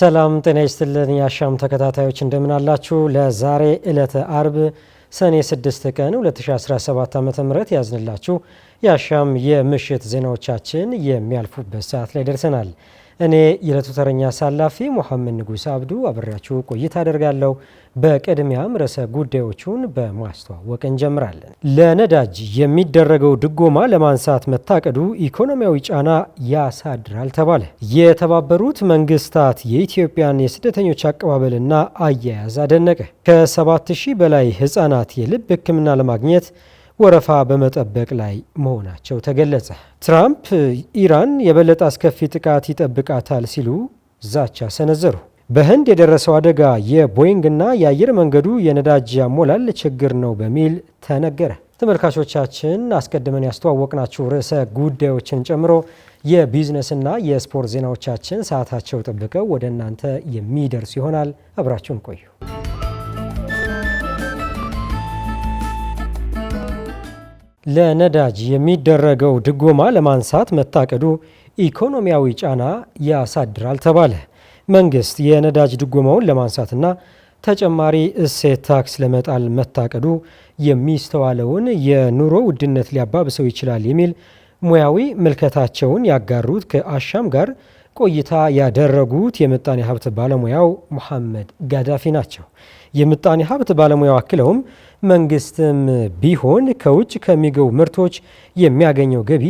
ሰላም ጤና ይስጥልን የአሻም ተከታታዮች እንደምን አላችሁ? ለዛሬ ዕለተ አርብ ሰኔ 6 ቀን 2017 ዓ ም ያዝንላችሁ የአሻም የምሽት ዜናዎቻችን የሚያልፉበት ሰዓት ላይ ደርሰናል። እኔ የዕለቱ ተረኛ አሳላፊ ሙሐመድ ንጉስ አብዱ አብሬያችሁ ቆይታ አደርጋለሁ። በቅድሚያም ርዕሰ ጉዳዮቹን በማስተዋወቅ እንጀምራለን። ለነዳጅ የሚደረገው ድጎማ ለማንሳት መታቀዱ ኢኮኖሚያዊ ጫና ያሳድራል ተባለ። የተባበሩት መንግስታት የኢትዮጵያን የስደተኞች አቀባበልና አያያዝ አደነቀ። ከ7000 በላይ ህጻናት የልብ ህክምና ለማግኘት ወረፋ በመጠበቅ ላይ መሆናቸው ተገለጸ። ትራምፕ ኢራን የበለጠ አስከፊ ጥቃት ይጠብቃታል ሲሉ ዛቻ ሰነዘሩ። በህንድ የደረሰው አደጋ የቦይንግና የአየር መንገዱ የነዳጅ አሞላል ችግር ነው በሚል ተነገረ። ተመልካቾቻችን አስቀድመን ያስተዋወቅናችሁ ርዕሰ ጉዳዮችን ጨምሮ የቢዝነስና የስፖርት ዜናዎቻችን ሰዓታቸው ጠብቀው ወደ እናንተ የሚደርስ ይሆናል። አብራችሁን ቆዩ። ለነዳጅ የሚደረገው ድጎማ ለማንሳት መታቀዱ ኢኮኖሚያዊ ጫና ያሳድራል ተባለ። መንግስት የነዳጅ ድጎማውን ለማንሳትና ተጨማሪ እሴት ታክስ ለመጣል መታቀዱ የሚስተዋለውን የኑሮ ውድነት ሊያባብሰው ይችላል የሚል ሙያዊ ምልከታቸውን ያጋሩት ከአሻም ጋር ቆይታ ያደረጉት የምጣኔ ሀብት ባለሙያው ሙሐመድ ጋዳፊ ናቸው። የምጣኔ ሀብት ባለሙያው አክለውም መንግስትም ቢሆን ከውጭ ከሚገቡ ምርቶች የሚያገኘው ገቢ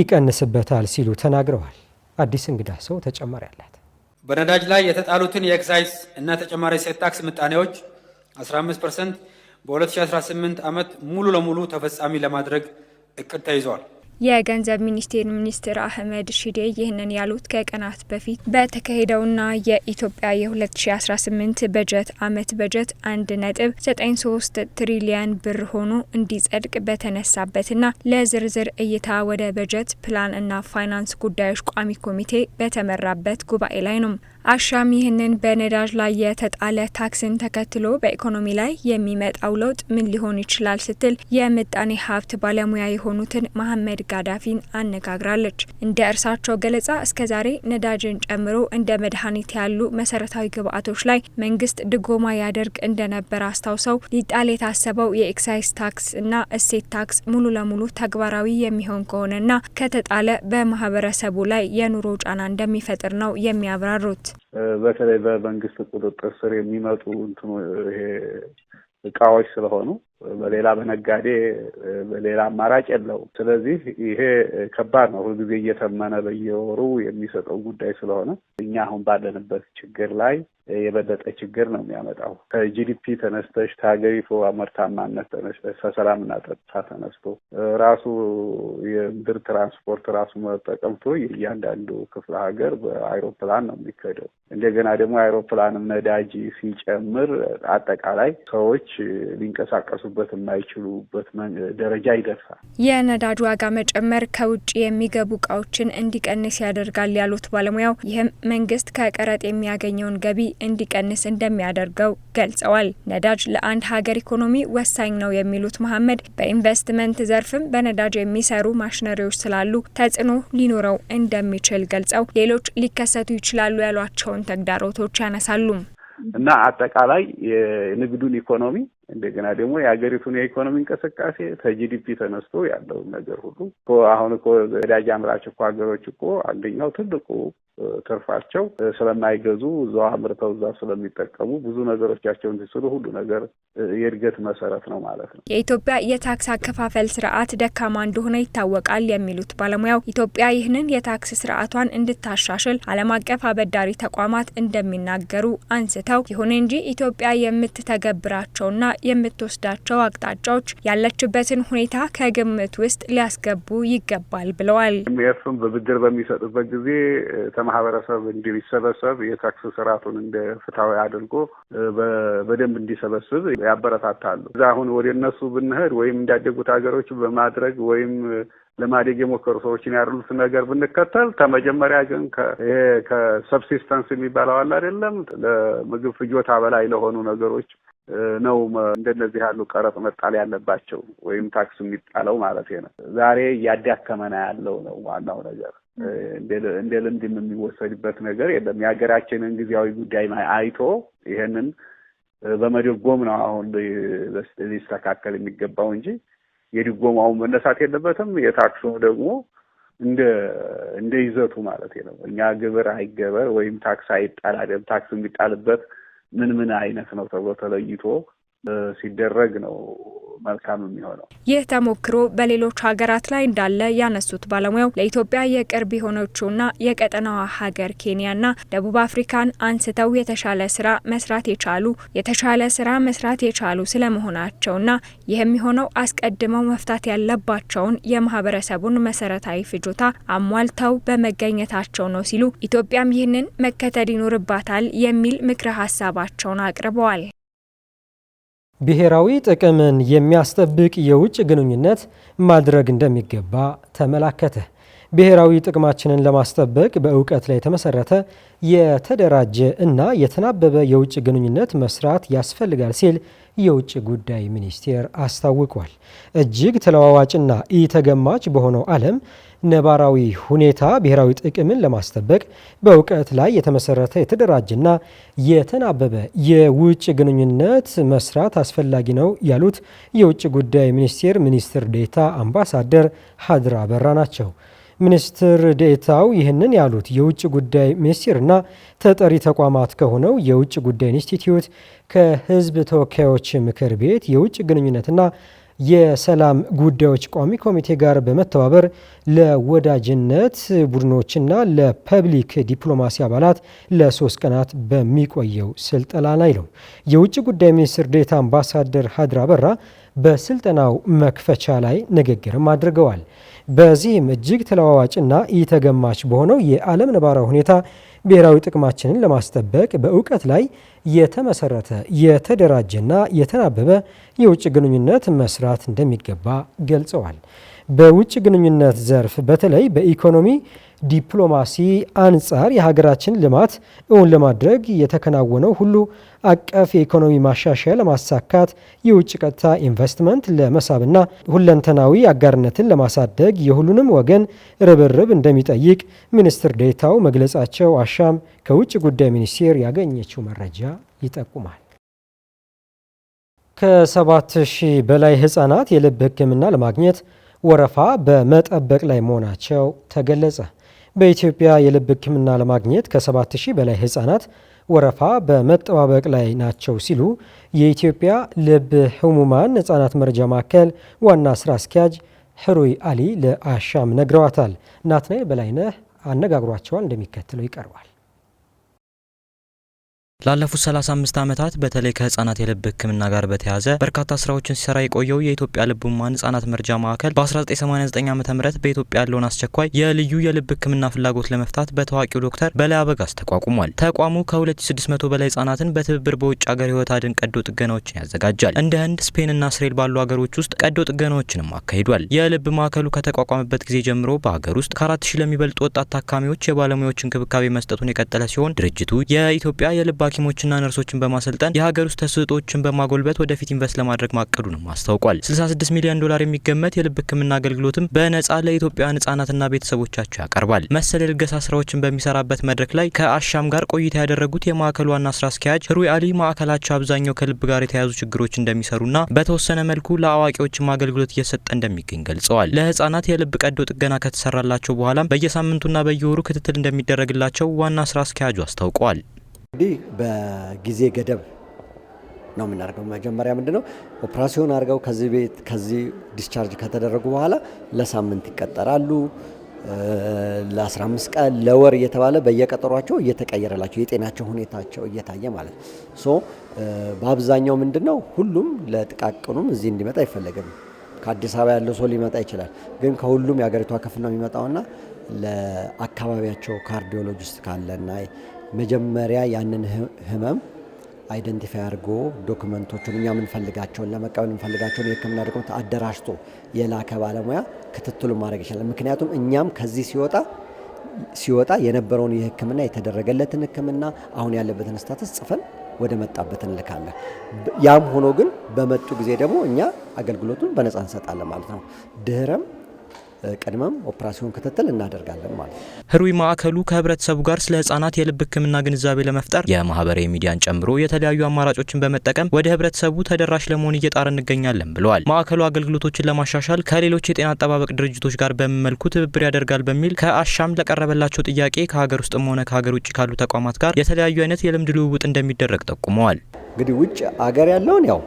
ይቀንስበታል ሲሉ ተናግረዋል። አዲስ እንግዳ ሰው ተጨማሪ አላት። በነዳጅ ላይ የተጣሉትን የኤክሳይዝ እና ተጨማሪ እሴት ታክስ ምጣኔዎች 15 ፐርሰንት በ2018 ዓመት ሙሉ ለሙሉ ተፈጻሚ ለማድረግ እቅድ ተይዘዋል። የገንዘብ ሚኒስቴር ሚኒስትር አህመድ ሺዴ ይህንን ያሉት ከቀናት በፊት በተካሄደውና የኢትዮጵያ የ2018 በጀት አመት በጀት 1.93 ትሪሊየን ብር ሆኖ እንዲጸድቅ በተነሳበትና ለዝርዝር እይታ ወደ በጀት ፕላን እና ፋይናንስ ጉዳዮች ቋሚ ኮሚቴ በተመራበት ጉባኤ ላይ ነው። አሻም ይህንን በነዳጅ ላይ የተጣለ ታክስን ተከትሎ በኢኮኖሚ ላይ የሚመጣው ለውጥ ምን ሊሆን ይችላል ስትል የምጣኔ ሀብት ባለሙያ የሆኑትን መሐመድ ጋዳፊን አነጋግራለች። እንደ እርሳቸው ገለጻ እስከዛሬ ነዳጅን ጨምሮ እንደ መድኃኒት ያሉ መሰረታዊ ግብዓቶች ላይ መንግስት ድጎማ ያደርግ እንደነበር አስታውሰው ሊጣል የታሰበው የኤክሳይዝ ታክስ እና እሴት ታክስ ሙሉ ለሙሉ ተግባራዊ የሚሆን ከሆነና ከተጣለ በማህበረሰቡ ላይ የኑሮ ጫና እንደሚፈጥር ነው የሚያብራሩት። በተለይ በመንግስት ቁጥጥር ስር የሚመጡ እንትኑ ይሄ እቃዎች ስለሆኑ በሌላ በነጋዴ በሌላ አማራጭ የለውም። ስለዚህ ይሄ ከባድ ነው። ሁልጊዜ እየተመነ በየወሩ የሚሰጠው ጉዳይ ስለሆነ እኛ አሁን ባለንበት ችግር ላይ የበለጠ ችግር ነው የሚያመጣው። ከጂዲፒ ተነስተሽ ከሀገሪቱ ምርታማነት ተነስተሽ ከሰላምና ጸጥታ ተነስቶ ራሱ የምድር ትራንስፖርት ራሱ ተቀምጦ የእያንዳንዱ ክፍለ ሀገር በአይሮፕላን ነው የሚከደው። እንደገና ደግሞ አይሮፕላንም ነዳጅ ሲጨምር አጠቃላይ ሰዎች ሊንቀሳቀሱበት የማይችሉበት ደረጃ ይደርሳል። የነዳጅ ዋጋ መጨመር ከውጭ የሚገቡ እቃዎችን እንዲቀንስ ያደርጋል ያሉት ባለሙያው፣ ይህም መንግስት ከቀረጥ የሚያገኘውን ገቢ እንዲቀንስ እንደሚያደርገው ገልጸዋል። ነዳጅ ለአንድ ሀገር ኢኮኖሚ ወሳኝ ነው የሚሉት መሐመድ በኢንቨስትመንት ዘርፍም በነዳጅ የሚሰሩ ማሽነሪዎች ስላሉ ተጽዕኖ ሊኖረው እንደሚችል ገልጸው ሌሎች ሊከሰቱ ይችላሉ ያሏቸውን ተግዳሮቶች ያነሳሉ እና አጠቃላይ የንግዱን ኢኮኖሚ እንደገና ደግሞ የሀገሪቱን የኢኮኖሚ እንቅስቃሴ ከጂዲፒ ተነስቶ ያለውን ነገር ሁሉ አሁን እኮ ነዳጅ አምራች እኮ ሀገሮች እኮ አንደኛው ትልቁ ትርፋቸው ስለማይገዙ እዛው አምርተው እዛ ስለሚጠቀሙ ብዙ ነገሮቻቸውን ሲስሉ ሁሉ ነገር የእድገት መሰረት ነው ማለት ነው። የኢትዮጵያ የታክስ አከፋፈል ስርዓት ደካማ እንደሆነ ይታወቃል የሚሉት ባለሙያው ኢትዮጵያ ይህንን የታክስ ስርዓቷን እንድታሻሽል ዓለም አቀፍ አበዳሪ ተቋማት እንደሚናገሩ አንስተው ይሁን እንጂ ኢትዮጵያ የምትተገብራቸውና የምትወስዳቸው አቅጣጫዎች ያለችበትን ሁኔታ ከግምት ውስጥ ሊያስገቡ ይገባል ብለዋል። ኤምኤፍም በብድር በሚሰጥበት ጊዜ ከማህበረሰብ እንዲሰበሰብ የታክስ ስርዓቱን እንደ ፍትሐዊ አድርጎ በደንብ እንዲሰበስብ ያበረታታሉ። እዛ አሁን ወደ እነሱ ብንሄድ ወይም እንዲያደጉት ሀገሮች በማድረግ ወይም ለማደግ የሞከሩ ሰዎችን ያሉት ነገር ብንከተል ከመጀመሪያ ግን ይሄ ከሰብሲስተንስ የሚባለው አለ አይደለም፣ ለምግብ ፍጆታ በላይ ለሆኑ ነገሮች ነው እንደነዚህ ያሉ ቀረጥ መጣል ያለባቸው ወይም ታክስ የሚጣለው ማለት ነው። ዛሬ እያዳከመና ያለው ነው ዋናው ነገር። እንደ ልምድም የሚወሰድበት ነገር የለም። የሀገራችንን ጊዜያዊ ጉዳይ አይቶ ይሄንን በመደጎም ነው አሁን ሊስተካከል የሚገባው እንጂ የድጎማውን መነሳት የለበትም። የታክሱ ደግሞ እንደ እንደ ይዘቱ ማለት ነው። እኛ ግብር አይገበር ወይም ታክስ አይጣል አይደለም። ታክስ የሚጣልበት ምን ምን አይነት ነው ተብሎ ተለይቶ ሲደረግ ነው መልካም የሚሆነው። ይህ ተሞክሮ በሌሎች ሀገራት ላይ እንዳለ ያነሱት ባለሙያው ለኢትዮጵያ የቅርብ የሆነችውና የቀጠናዋ ሀገር ኬንያና ደቡብ አፍሪካን አንስተው የተሻለ ስራ መስራት የቻሉ የተሻለ ስራ መስራት የቻሉ ስለመሆናቸውና ይህም የሆነው አስቀድመው መፍታት ያለባቸውን የማህበረሰቡን መሰረታዊ ፍጆታ አሟልተው በመገኘታቸው ነው ሲሉ ኢትዮጵያም ይህንን መከተል ይኖርባታል የሚል ምክረ ሀሳባቸውን አቅርበዋል። ብሔራዊ ጥቅምን የሚያስጠብቅ የውጭ ግንኙነት ማድረግ እንደሚገባ ተመላከተ። ብሔራዊ ጥቅማችንን ለማስጠበቅ በእውቀት ላይ የተመሰረተ የተደራጀ እና የተናበበ የውጭ ግንኙነት መስራት ያስፈልጋል ሲል የውጭ ጉዳይ ሚኒስቴር አስታውቋል። እጅግ ተለዋዋጭና ኢተገማች በሆነው ዓለም ነባራዊ ሁኔታ ብሔራዊ ጥቅምን ለማስጠበቅ በእውቀት ላይ የተመሰረተ የተደራጀና የተናበበ የውጭ ግንኙነት መስራት አስፈላጊ ነው ያሉት የውጭ ጉዳይ ሚኒስቴር ሚኒስትር ዴታ አምባሳደር ሀድራ በራ ናቸው። ሚኒስትር ዴኤታው ይህንን ያሉት የውጭ ጉዳይ ሚኒስቴርና ተጠሪ ተቋማት ከሆነው የውጭ ጉዳይ ኢንስቲትዩት ከህዝብ ተወካዮች ምክር ቤት የውጭ ግንኙነትና የሰላም ጉዳዮች ቋሚ ኮሚቴ ጋር በመተባበር ለወዳጅነት ቡድኖችና ለፐብሊክ ዲፕሎማሲ አባላት ለሶስት ቀናት በሚቆየው ስልጠና ላይ ነው። የውጭ ጉዳይ ሚኒስትር ዴታ አምባሳደር ሀድራ በራ በስልጠናው መክፈቻ ላይ ንግግርም አድርገዋል። በዚህም እጅግ ተለዋዋጭና ኢተገማች በሆነው የዓለም ነባራዊ ሁኔታ ብሔራዊ ጥቅማችንን ለማስጠበቅ በእውቀት ላይ የተመሰረተ የተደራጀና የተናበበ የውጭ ግንኙነት መስራት እንደሚገባ ገልጸዋል። በውጭ ግንኙነት ዘርፍ በተለይ በኢኮኖሚ ዲፕሎማሲ አንጻር የሀገራችን ልማት እውን ለማድረግ የተከናወነው ሁሉ አቀፍ የኢኮኖሚ ማሻሻያ ለማሳካት የውጭ ቀጥታ ኢንቨስትመንት ለመሳብና ሁለንተናዊ አጋርነትን ለማሳደግ የሁሉንም ወገን ርብርብ እንደሚጠይቅ ሚኒስትር ዴታው መግለጻቸው አሻም ከውጭ ጉዳይ ሚኒስቴር ያገኘችው መረጃ ይጠቁማል። ከሰባት ሺህ በላይ ህጻናት የልብ ሕክምና ለማግኘት ወረፋ በመጠበቅ ላይ መሆናቸው ተገለጸ። በኢትዮጵያ የልብ ሕክምና ለማግኘት ከ7000 በላይ ህጻናት ወረፋ በመጠባበቅ ላይ ናቸው ሲሉ የኢትዮጵያ ልብ ህሙማን ህጻናት መረጃ ማዕከል ዋና ስራ አስኪያጅ ህሩይ አሊ ለአሻም ነግረዋታል። ናትናኤል በላይነህ አነጋግሯቸዋል፣ እንደሚከተለው ይቀርባል። ላለፉት 35 ዓመታት በተለይ ከህጻናት የልብ ሕክምና ጋር በተያያዘ በርካታ ስራዎችን ሲሰራ የቆየው የኢትዮጵያ ልብ ህሙማን ህጻናት መርጃ ማዕከል በ1989 ዓ ም በኢትዮጵያ ያለውን አስቸኳይ የልዩ የልብ ሕክምና ፍላጎት ለመፍታት በታዋቂው ዶክተር በላይ አበጋዝ ተቋቁሟል። ተቋሙ ከ2600 በላይ ህጻናትን በትብብር በውጭ ሀገር ህይወት አድን ቀዶ ጥገናዎችን ያዘጋጃል። እንደ ህንድ፣ ስፔንና እስራኤል ባሉ ሀገሮች ውስጥ ቀዶ ጥገናዎችንም አካሂዷል። የልብ ማዕከሉ ከተቋቋመበት ጊዜ ጀምሮ በሀገር ውስጥ ከ4000 ለሚበልጡ ወጣት ታካሚዎች የባለሙያዎች እንክብካቤ መስጠቱን የቀጠለ ሲሆን ድርጅቱ የኢትዮጵያ የልብ ሐኪሞችና ነርሶችን በማሰልጠን የሀገር ውስጥ ተሰጥኦዎችን በማጎልበት ወደፊት ኢንቨስት ለማድረግ ማቀዱንም አስታውቋል። 66 ሚሊዮን ዶላር የሚገመት የልብ ሕክምና አገልግሎትም በነጻ ለኢትዮጵያውያን ህጻናትና ቤተሰቦቻቸው ያቀርባል። መሰል የልገሳ ስራዎችን በሚሰራበት መድረክ ላይ ከአሻም ጋር ቆይታ ያደረጉት የማዕከሉ ዋና ስራ አስኪያጅ ሩይ አሊ ማዕከላቸው አብዛኛው ከልብ ጋር የተያዙ ችግሮች እንደሚሰሩና በተወሰነ መልኩ ለአዋቂዎችም አገልግሎት እየሰጠ እንደሚገኝ ገልጸዋል። ለህጻናት የልብ ቀዶ ጥገና ከተሰራላቸው በኋላም በየሳምንቱና በየወሩ ክትትል እንደሚደረግላቸው ዋና ስራ አስኪያጁ አስታውቀዋል። እንግዲህ በጊዜ ገደብ ነው የምናደርገው። መጀመሪያ ምንድነው ኦፕራሲዮን አድርገው ከዚህ ቤት ከዚህ ዲስቻርጅ ከተደረጉ በኋላ ለሳምንት ይቀጠራሉ፣ ለ15 ቀን፣ ለወር እየተባለ በየቀጠሯቸው እየተቀየረላቸው የጤናቸው ሁኔታቸው እየታየ ማለት ነው። ሶ በአብዛኛው ምንድነው ሁሉም ለጥቃቅኑም እዚህ እንዲመጣ አይፈለግም። ከአዲስ አበባ ያለው ሰው ሊመጣ ይችላል፣ ግን ከሁሉም የሀገሪቷ ክፍል ነው የሚመጣውና ለአካባቢያቸው ካርዲዮሎጂስት ካለና መጀመሪያ ያንን ህመም አይደንቲፋይ አድርጎ ዶክመንቶቹን እኛ የምንፈልጋቸውን ለመቀበል የምንፈልጋቸውን የህክምና ዶክመንት አደራጅቶ የላከ ባለሙያ ክትትሉን ማድረግ ይችላል። ምክንያቱም እኛም ከዚህ ሲወጣ ሲወጣ የነበረውን የህክምና የተደረገለትን ህክምና አሁን ያለበትን ስታትስ ጽፈን ወደ መጣበት እንልካለን። ያም ሆኖ ግን በመጡ ጊዜ ደግሞ እኛ አገልግሎቱን በነፃ እንሰጣለን ማለት ነው ድህረም ቀድመም ኦፕራሲዮን ክትትል እናደርጋለን ማለት ነው። ህሩይ ማዕከሉ ከህብረተሰቡ ጋር ስለ ህጻናት የልብ ህክምና ግንዛቤ ለመፍጠር የማህበራዊ ሚዲያን ጨምሮ የተለያዩ አማራጮችን በመጠቀም ወደ ህብረተሰቡ ተደራሽ ለመሆን እየጣረ እንገኛለን ብለዋል። ማዕከሉ አገልግሎቶችን ለማሻሻል ከሌሎች የጤና አጠባበቅ ድርጅቶች ጋር በመመልኩ ትብብር ያደርጋል በሚል ከአሻም ለቀረበላቸው ጥያቄ ከሀገር ውስጥም ሆነ ከሀገር ውጭ ካሉ ተቋማት ጋር የተለያዩ አይነት የልምድ ልውውጥ እንደሚደረግ ጠቁመዋል። እንግዲህ ውጭ አገር ያለውን ያው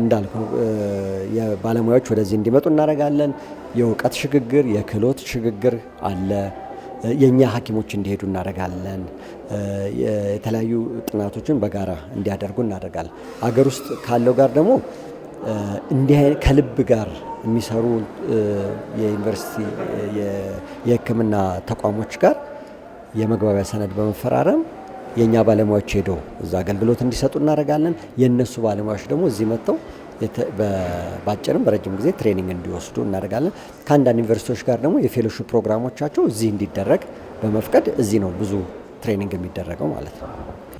እንዳልኩ የባለሙያዎች ወደዚህ እንዲመጡ እናደርጋለን። የእውቀት ሽግግር፣ የክህሎት ሽግግር አለ። የእኛ ሐኪሞች እንዲሄዱ እናደርጋለን። የተለያዩ ጥናቶችን በጋራ እንዲያደርጉ እናደርጋለን። አገር ውስጥ ካለው ጋር ደግሞ እንዲህ ከልብ ጋር የሚሰሩ የዩኒቨርሲቲ የሕክምና ተቋሞች ጋር የመግባቢያ ሰነድ በመፈራረም የእኛ ባለሙያዎች ሄዶ እዛ አገልግሎት እንዲሰጡ እናደርጋለን። የእነሱ ባለሙያዎች ደግሞ እዚህ መጥተው በአጭርም በረጅም ጊዜ ትሬኒንግ እንዲወስዱ እናደርጋለን። ከአንዳንድ ዩኒቨርሲቲዎች ጋር ደግሞ የፌሎሺፕ ፕሮግራሞቻቸው እዚህ እንዲደረግ በመፍቀድ እዚህ ነው ብዙ ትሬኒንግ የሚደረገው ማለት ነው።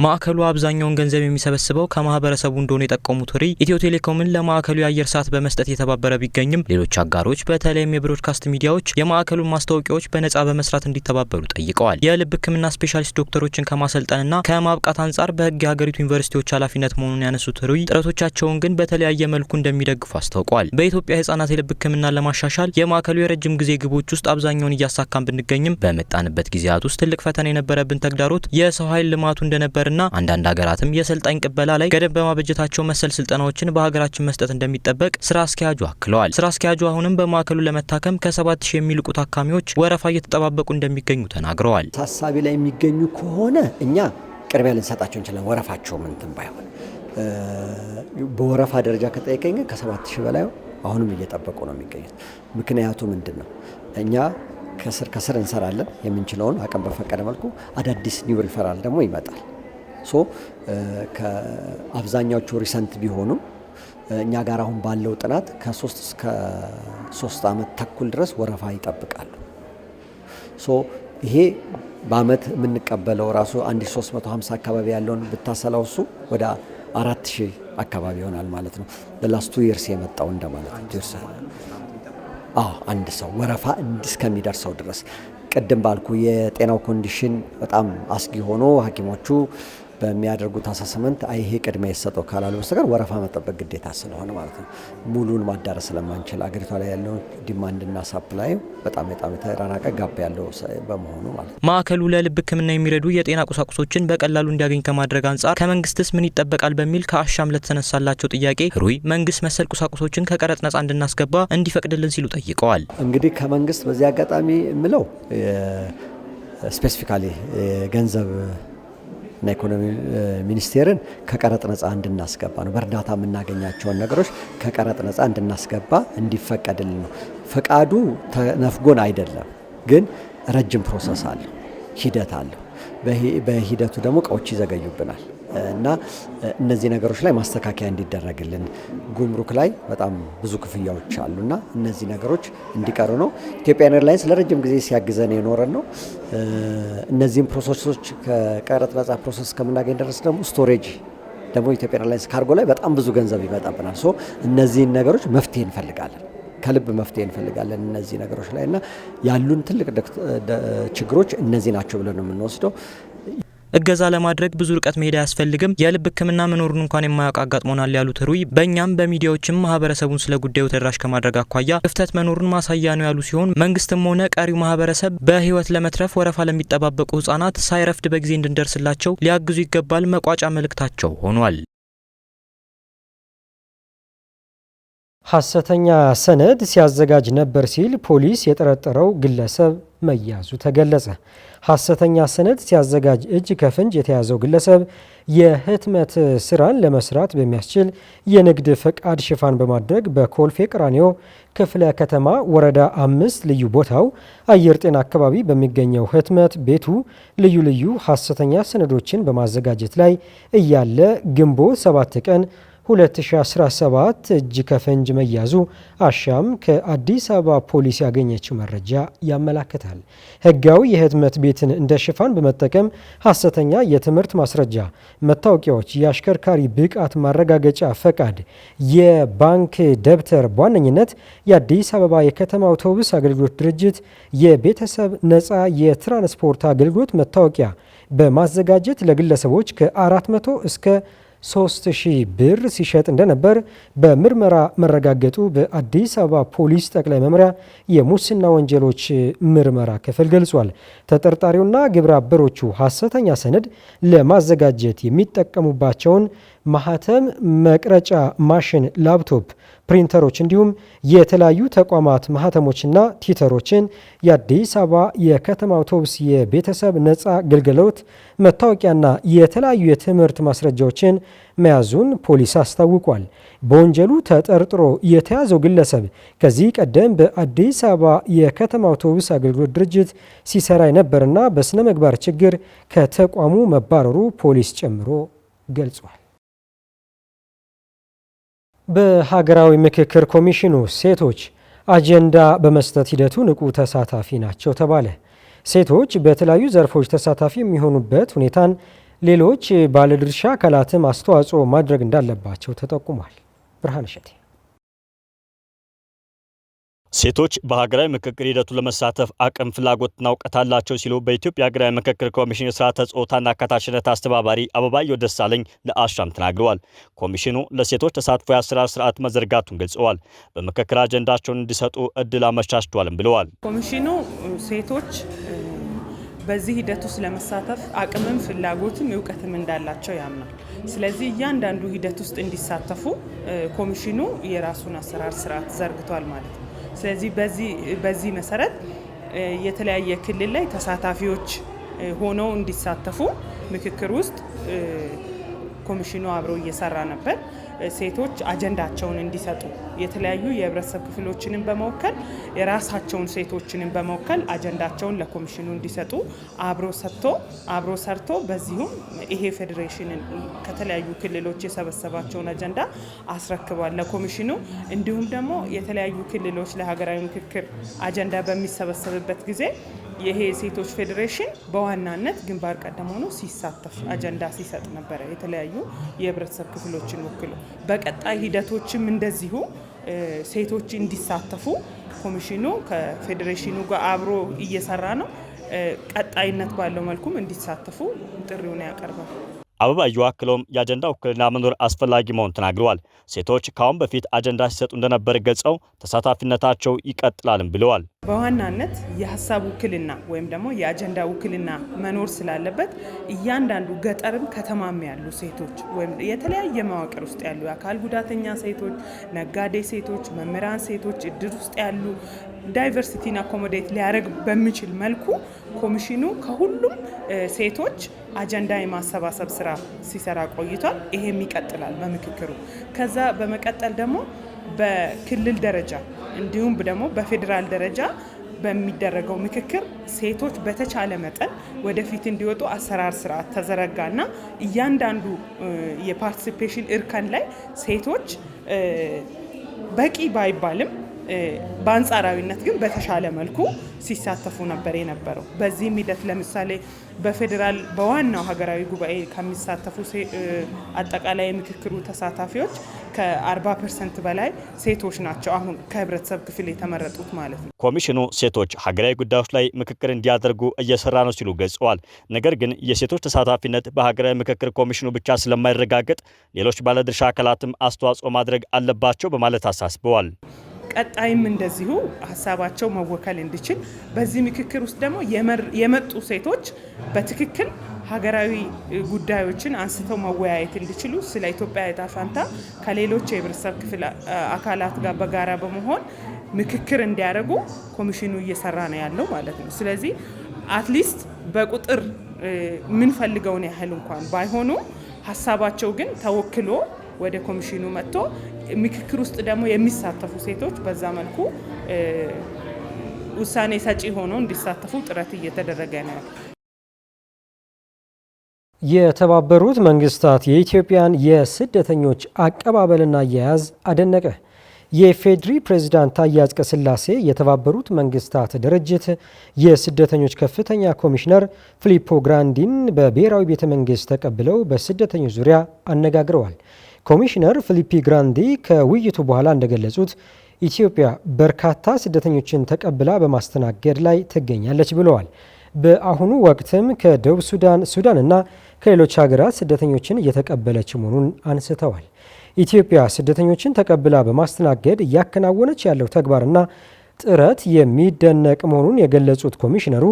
ማዕከሉ አብዛኛውን ገንዘብ የሚሰበስበው ከማህበረሰቡ እንደሆነ የጠቀሙት ሪ ኢትዮ ቴሌኮምን ለማዕከሉ የአየር ሰዓት በመስጠት የተባበረ ቢገኝም ሌሎች አጋሮች በተለይም የብሮድካስት ሚዲያዎች የማዕከሉን ማስታወቂያዎች በነጻ በመስራት እንዲተባበሩ ጠይቀዋል። የልብ ሕክምና ስፔሻሊስት ዶክተሮችን ከማሰልጠንና ከማብቃት አንጻር በህግ የሀገሪቱ ዩኒቨርሲቲዎች ኃላፊነት መሆኑን ያነሱት ሪ ጥረቶቻቸውን ግን በተለያየ መልኩ እንደሚደግፉ አስታውቋል። በኢትዮጵያ የህጻናት የልብ ሕክምና ለማሻሻል የማዕከሉ የረጅም ጊዜ ግቦች ውስጥ አብዛኛውን እያሳካን ብንገኝም በመጣንበት ጊዜያት ውስጥ ትልቅ ፈተና የነበረብን ተግዳሮት የሰው ኃይል ልማቱ እንደነበርና አንዳንድ ሀገራትም የሰልጣኝ ቅበላ ላይ ገደብ በማበጀታቸው መሰል ስልጠናዎችን በሀገራችን መስጠት እንደሚጠበቅ ስራ አስኪያጁ አክለዋል። ስራ አስኪያጁ አሁንም በማዕከሉ ለመታከም ከሰባት ሺህ የሚልቁ ታካሚዎች ወረፋ እየተጠባበቁ እንደሚገኙ ተናግረዋል። ታሳቢ ላይ የሚገኙ ከሆነ እኛ ቅድሚያ ልንሰጣቸው እንችላለን። ወረፋቸው ምንትን ባይሆን በወረፋ ደረጃ ከጠየቀኝ ከሰባት ሺህ በላይ አሁንም እየጠበቁ ነው የሚገኙት። ምክንያቱ ምንድን ነው? እኛ ከስር ከስር እንሰራለን። የምንችለውን አቅም በፈቀደ መልኩ አዳዲስ ኒው ሪፈራል ደግሞ ይመጣል። ሶ ከአብዛኛዎቹ ሪሰንት ቢሆኑም እኛ ጋር አሁን ባለው ጥናት ከሶስት እስከ ሶስት ዓመት ተኩል ድረስ ወረፋ ይጠብቃሉ። ሶ ይሄ በአመት የምንቀበለው ራሱ 1350 አካባቢ ያለውን ብታሰላው እሱ ወደ አራት አካባቢ ይሆናል ማለት ነው። ለላስቱ የርስ የመጣው እንደማለት ነው። አዎ አንድ ሰው ወረፋ እስከሚደርሰው ድረስ ቅድም ባልኩ የጤናው ኮንዲሽን በጣም አስጊ ሆኖ ሐኪሞቹ በሚያደርጉት አሳስመንት አይሄ ይሄ ቅድሚያ ይሰጠው ካላሉ በስተቀር ወረፋ መጠበቅ ግዴታ ስለሆነ ማለት ነው ሙሉን ማዳረስ ስለማንችል አገሪቷ ላይ ያለውን ዲማንድና ሳፕላይ በጣም በጣም የተራራቀ ጋብ ያለው በመሆኑ ማለት ነው። ማዕከሉ ለልብ ሕክምና የሚረዱ የጤና ቁሳቁሶችን በቀላሉ እንዲያገኝ ከማድረግ አንጻር ከመንግስትስ ምን ይጠበቃል በሚል ከአሻም ለተነሳላቸው ጥያቄ ሩይ መንግስት መሰል ቁሳቁሶችን ከቀረጥ ነጻ እንድናስገባ እንዲፈቅድልን ሲሉ ጠይቀዋል። እንግዲህ ከመንግስት በዚህ አጋጣሚ ምለው ስፔሲፊካሊ ገንዘብ እና ኢኮኖሚ ሚኒስቴርን ከቀረጥ ነፃ እንድናስገባ ነው። በእርዳታ የምናገኛቸውን ነገሮች ከቀረጥ ነፃ እንድናስገባ እንዲፈቀድልን ነው። ፈቃዱ ተነፍጎን አይደለም፣ ግን ረጅም ፕሮሰስ አለው፣ ሂደት አለው። በሂደቱ ደግሞ እቃዎች ይዘገዩብናል። እና እነዚህ ነገሮች ላይ ማስተካከያ እንዲደረግልን ጉምሩክ ላይ በጣም ብዙ ክፍያዎች አሉና እነዚህ ነገሮች እንዲቀሩ ነው። ኢትዮጵያን ኤርላይንስ ለረጅም ጊዜ ሲያግዘን የኖረን ነው። እነዚህም ፕሮሰሶች ከቀረጥ ነጻ ፕሮሰስ ከምናገኝ ደረስ ደግሞ ስቶሬጅ ደግሞ ኢትዮጵያን ኤርላይንስ ካርጎ ላይ በጣም ብዙ ገንዘብ ይመጣብናል። ሶ እነዚህን ነገሮች መፍትሄ እንፈልጋለን ከልብ መፍትሄ እንፈልጋለን እነዚህ ነገሮች ላይ እና ያሉን ትልቅ ችግሮች እነዚህ ናቸው ብለን ነው የምንወስደው። እገዛ ለማድረግ ብዙ ርቀት መሄድ አያስፈልግም። የልብ ሕክምና መኖሩን እንኳን የማያውቅ አጋጥሞናል ያሉት ሩይ በእኛም በሚዲያዎችም ማህበረሰቡን ስለ ጉዳዩ ተደራሽ ከማድረግ አኳያ ክፍተት መኖሩን ማሳያ ነው ያሉ ሲሆን መንግስትም ሆነ ቀሪው ማህበረሰብ በህይወት ለመትረፍ ወረፋ ለሚጠባበቁ ህጻናት ሳይረፍድ በጊዜ እንድንደርስላቸው ሊያግዙ ይገባል መቋጫ መልእክታቸው ሆኗል። ሐሰተኛ ሰነድ ሲያዘጋጅ ነበር ሲል ፖሊስ የጠረጠረው ግለሰብ መያዙ ተገለጸ። ሐሰተኛ ሰነድ ሲያዘጋጅ እጅ ከፍንጅ የተያዘው ግለሰብ የህትመት ስራን ለመስራት በሚያስችል የንግድ ፈቃድ ሽፋን በማድረግ በኮልፌ ቀራኒዮ ክፍለ ከተማ ወረዳ አምስት ልዩ ቦታው አየር ጤና አካባቢ በሚገኘው ህትመት ቤቱ ልዩ ልዩ ሐሰተኛ ሰነዶችን በማዘጋጀት ላይ እያለ ግንቦት 7 ቀን 2017 እጅ ከፈንጅ መያዙ አሻም ከአዲስ አበባ ፖሊስ ያገኘችው መረጃ ያመላክታል። ሕጋዊ የህትመት ቤትን እንደ ሽፋን በመጠቀም ሐሰተኛ የትምህርት ማስረጃ፣ መታወቂያዎች፣ የአሽከርካሪ ብቃት ማረጋገጫ ፈቃድ፣ የባንክ ደብተር በዋነኝነት የአዲስ አበባ የከተማ አውቶቡስ አገልግሎት ድርጅት የቤተሰብ ነፃ የትራንስፖርት አገልግሎት መታወቂያ በማዘጋጀት ለግለሰቦች ከ400 እስከ ሺህ ብር ሲሸጥ እንደነበር በምርመራ መረጋገጡ በአዲስ አበባ ፖሊስ ጠቅላይ መምሪያ የሙስና ወንጀሎች ምርመራ ክፍል ገልጿል። ተጠርጣሪውና ግብረ አበሮቹ ሐሰተኛ ሰነድ ለማዘጋጀት የሚጠቀሙባቸውን ማህተም መቅረጫ ማሽን፣ ላፕቶፕ ፕሪንተሮች እንዲሁም የተለያዩ ተቋማት ማህተሞችና ቲተሮችን የአዲስ አበባ የከተማ አውቶቡስ የቤተሰብ ነፃ ግልጋሎት መታወቂያና የተለያዩ የትምህርት ማስረጃዎችን መያዙን ፖሊስ አስታውቋል። በወንጀሉ ተጠርጥሮ የተያዘው ግለሰብ ከዚህ ቀደም በአዲስ አበባ የከተማ አውቶቡስ አገልግሎት ድርጅት ሲሰራ የነበርና በስነ ምግባር ችግር ከተቋሙ መባረሩ ፖሊስ ጨምሮ ገልጿል። በሀገራዊ ምክክር ኮሚሽኑ ሴቶች አጀንዳ በመስጠት ሂደቱ ንቁ ተሳታፊ ናቸው ተባለ። ሴቶች በተለያዩ ዘርፎች ተሳታፊ የሚሆኑበት ሁኔታን ሌሎች ባለድርሻ አካላትም አስተዋጽኦ ማድረግ እንዳለባቸው ተጠቁሟል። ብርሃን እሸቴ ሴቶች በሀገራዊ ምክክር ሂደቱ ለመሳተፍ አቅም ፍላጎትና እውቀት አላቸው ሲሉ በኢትዮጵያ ሀገራዊ ምክክር ኮሚሽን የስርዓተ ጾታና አካታችነት አስተባባሪ አበባየሁ ደሳለኝ ለአሻም ተናግረዋል። ኮሚሽኑ ለሴቶች ተሳትፎ የአሰራር ስርዓት መዘርጋቱን ገልጸዋል። በምክክር አጀንዳቸውን እንዲሰጡ እድል አመቻችቷልም ብለዋል። ኮሚሽኑ ሴቶች በዚህ ሂደት ውስጥ ለመሳተፍ አቅምም ፍላጎትም እውቀትም እንዳላቸው ያምናል። ስለዚህ እያንዳንዱ ሂደት ውስጥ እንዲሳተፉ ኮሚሽኑ የራሱን አሰራር ስርዓት ዘርግቷል ማለት ነው። ስለዚህ በዚህ መሰረት የተለያየ ክልል ላይ ተሳታፊዎች ሆነው እንዲሳተፉ ምክክር ውስጥ ኮሚሽኑ አብረው እየሰራ ነበር። ሴቶች አጀንዳቸውን እንዲሰጡ የተለያዩ የህብረተሰብ ክፍሎችንም በመወከል የራሳቸውን ሴቶችንም በመወከል አጀንዳቸውን ለኮሚሽኑ እንዲሰጡ አብሮ ሰጥቶ አብሮ ሰርቶ በዚሁም ይሄ ፌዴሬሽንን ከተለያዩ ክልሎች የሰበሰባቸውን አጀንዳ አስረክቧል ለኮሚሽኑ። እንዲሁም ደግሞ የተለያዩ ክልሎች ለሀገራዊ ምክክር አጀንዳ በሚሰበሰብበት ጊዜ ይሄ ሴቶች ፌዴሬሽን በዋናነት ግንባር ቀደም ሆኖ ሲሳተፍ አጀንዳ ሲሰጥ ነበረ የተለያዩ የህብረተሰብ ክፍሎችን ወክሎ በቀጣይ ሂደቶችም እንደዚሁ ሴቶች እንዲሳተፉ ኮሚሽኑ ከፌዴሬሽኑ ጋር አብሮ እየሰራ ነው። ቀጣይነት ባለው መልኩም እንዲሳተፉ ጥሪውን ያቀርባል። አበባየሁ አክለውም የአጀንዳ ውክልና መኖር አስፈላጊ መሆን ተናግረዋል። ሴቶች ከአሁን በፊት አጀንዳ ሲሰጡ እንደነበር ገልጸው ተሳታፊነታቸው ይቀጥላልም ብለዋል። በዋናነት የሀሳብ ውክልና ወይም ደግሞ የአጀንዳ ውክልና መኖር ስላለበት እያንዳንዱ ገጠርም ከተማም ያሉ ሴቶች ወይም የተለያየ መዋቅር ውስጥ ያሉ የአካል ጉዳተኛ ሴቶች፣ ነጋዴ ሴቶች፣ መምህራን ሴቶች፣ እድር ውስጥ ያሉ ዳይቨርሲቲን አኮሞዴት ሊያደርግ በሚችል መልኩ ኮሚሽኑ ከሁሉም ሴቶች አጀንዳ የማሰባሰብ ስራ ሲሰራ ቆይቷል። ይሄም ይቀጥላል በምክክሩ። ከዛ በመቀጠል ደግሞ በክልል ደረጃ እንዲሁም ደግሞ በፌዴራል ደረጃ በሚደረገው ምክክር ሴቶች በተቻለ መጠን ወደፊት እንዲወጡ አሰራር ስርዓት ተዘረጋና እያንዳንዱ የፓርቲሲፔሽን እርከን ላይ ሴቶች በቂ ባይባልም በአንጻራዊነት ግን በተሻለ መልኩ ሲሳተፉ ነበር የነበረው። በዚህም ሂደት ለምሳሌ በፌዴራል በዋናው ሀገራዊ ጉባኤ ከሚሳተፉ አጠቃላይ የምክክሩ ተሳታፊዎች ከ40 ፐርሰንት በላይ ሴቶች ናቸው፣ አሁን ከህብረተሰብ ክፍል የተመረጡት ማለት ነው። ኮሚሽኑ ሴቶች ሀገራዊ ጉዳዮች ላይ ምክክር እንዲያደርጉ እየሰራ ነው ሲሉ ገልጸዋል። ነገር ግን የሴቶች ተሳታፊነት በሀገራዊ ምክክር ኮሚሽኑ ብቻ ስለማይረጋገጥ ሌሎች ባለድርሻ አካላትም አስተዋጽኦ ማድረግ አለባቸው በማለት አሳስበዋል። ቀጣይም እንደዚሁ ሀሳባቸው መወከል እንዲችል በዚህ ምክክር ውስጥ ደግሞ የመጡ ሴቶች በትክክል ሀገራዊ ጉዳዮችን አንስተው መወያየት እንዲችሉ ስለ ኢትዮጵያ ዕጣ ፈንታ ከሌሎች የህብረተሰብ ክፍል አካላት ጋር በጋራ በመሆን ምክክር እንዲያደርጉ ኮሚሽኑ እየሰራ ነው ያለው ማለት ነው። ስለዚህ አትሊስት በቁጥር የምንፈልገውን ያህል እንኳን ባይሆኑ ሀሳባቸው ግን ተወክሎ ወደ ኮሚሽኑ መጥቶ ምክክር ውስጥ ደግሞ የሚሳተፉ ሴቶች በዛ መልኩ ውሳኔ ሰጪ ሆኖ እንዲሳተፉ ጥረት እየተደረገ ነው። የተባበሩት መንግስታት የኢትዮጵያን የስደተኞች አቀባበልና አያያዝ አደነቀ። የፌድሪ ፕሬዚዳንት ታዬ ስላሴ የተባበሩት መንግስታት ድርጅት የስደተኞች ከፍተኛ ኮሚሽነር ፊሊፖ ግራንዲን በብሔራዊ ቤተ መንግስት ተቀብለው በስደተኞች ዙሪያ አነጋግረዋል። ኮሚሽነር ፊሊፒ ግራንዲ ከውይይቱ በኋላ እንደገለጹት ኢትዮጵያ በርካታ ስደተኞችን ተቀብላ በማስተናገድ ላይ ትገኛለች ብለዋል። በአሁኑ ወቅትም ከደቡብ ሱዳን፣ ሱዳንና ከሌሎች ሀገራት ስደተኞችን እየተቀበለች መሆኑን አንስተዋል። ኢትዮጵያ ስደተኞችን ተቀብላ በማስተናገድ እያከናወነች ያለው ተግባርና ጥረት የሚደነቅ መሆኑን የገለጹት ኮሚሽነሩ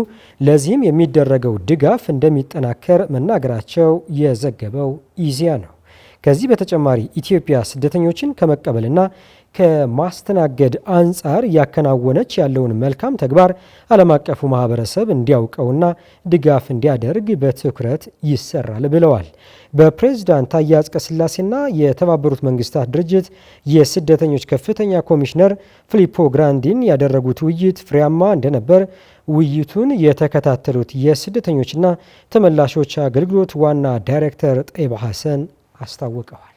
ለዚህም የሚደረገው ድጋፍ እንደሚጠናከር መናገራቸው የዘገበው ኢዜአ ነው። ከዚህ በተጨማሪ ኢትዮጵያ ስደተኞችን ከመቀበልና ከማስተናገድ አንጻር እያከናወነች ያለውን መልካም ተግባር ዓለም አቀፉ ማህበረሰብ እንዲያውቀውና ድጋፍ እንዲያደርግ በትኩረት ይሰራል ብለዋል። በፕሬዝዳንት ታዬ አጽቀሥላሴና የተባበሩት መንግስታት ድርጅት የስደተኞች ከፍተኛ ኮሚሽነር ፊሊፖ ግራንዲን ያደረጉት ውይይት ፍሬያማ እንደነበር ውይይቱን የተከታተሉት የስደተኞችና ተመላሾች አገልግሎት ዋና ዳይሬክተር ጤብ ሐሰን አስታውቀዋል።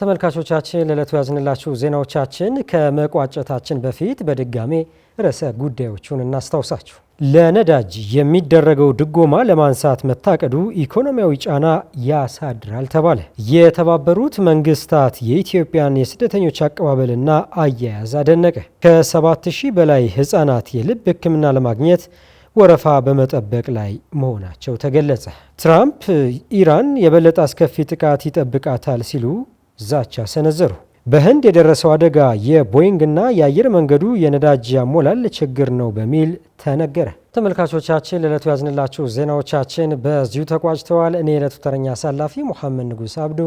ተመልካቾቻችን ለዕለቱ ያዝንላችሁ ዜናዎቻችን ከመቋጨታችን በፊት በድጋሜ ርዕሰ ጉዳዮቹን እናስታውሳችሁ። ለነዳጅ የሚደረገው ድጎማ ለማንሳት መታቀዱ ኢኮኖሚያዊ ጫና ያሳድራል ተባለ። የተባበሩት መንግስታት የኢትዮጵያን የስደተኞች አቀባበልና አያያዝ አደነቀ። ከ7000 በላይ ህጻናት የልብ ሕክምና ለማግኘት ወረፋ በመጠበቅ ላይ መሆናቸው ተገለጸ። ትራምፕ ኢራን የበለጠ አስከፊ ጥቃት ይጠብቃታል ሲሉ ዛቻ ሰነዘሩ። በህንድ የደረሰው አደጋ የቦይንግና የአየር መንገዱ የነዳጅ አሞላል ችግር ነው በሚል ተነገረ። ተመልካቾቻችን ለዕለቱ ያዝንላችሁ ዜናዎቻችን በዚሁ ተቋጭተዋል። እኔ የዕለቱ ተረኛ አሳላፊ ሙሐመድ ንጉስ አብዱ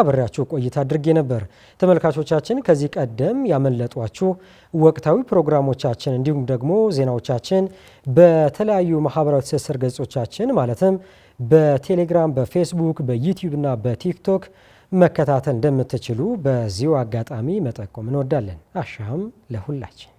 አብሬያችሁ ቆይታ አድርጌ ነበር። ተመልካቾቻችን ከዚህ ቀደም ያመለጧችሁ ወቅታዊ ፕሮግራሞቻችን እንዲሁም ደግሞ ዜናዎቻችን በተለያዩ ማህበራዊ ትስስር ገጾቻችን ማለትም በቴሌግራም፣ በፌስቡክ፣ በዩቲዩብ እና በቲክቶክ መከታተል እንደምትችሉ በዚሁ አጋጣሚ መጠቆም እንወዳለን። አሻም ለሁላችን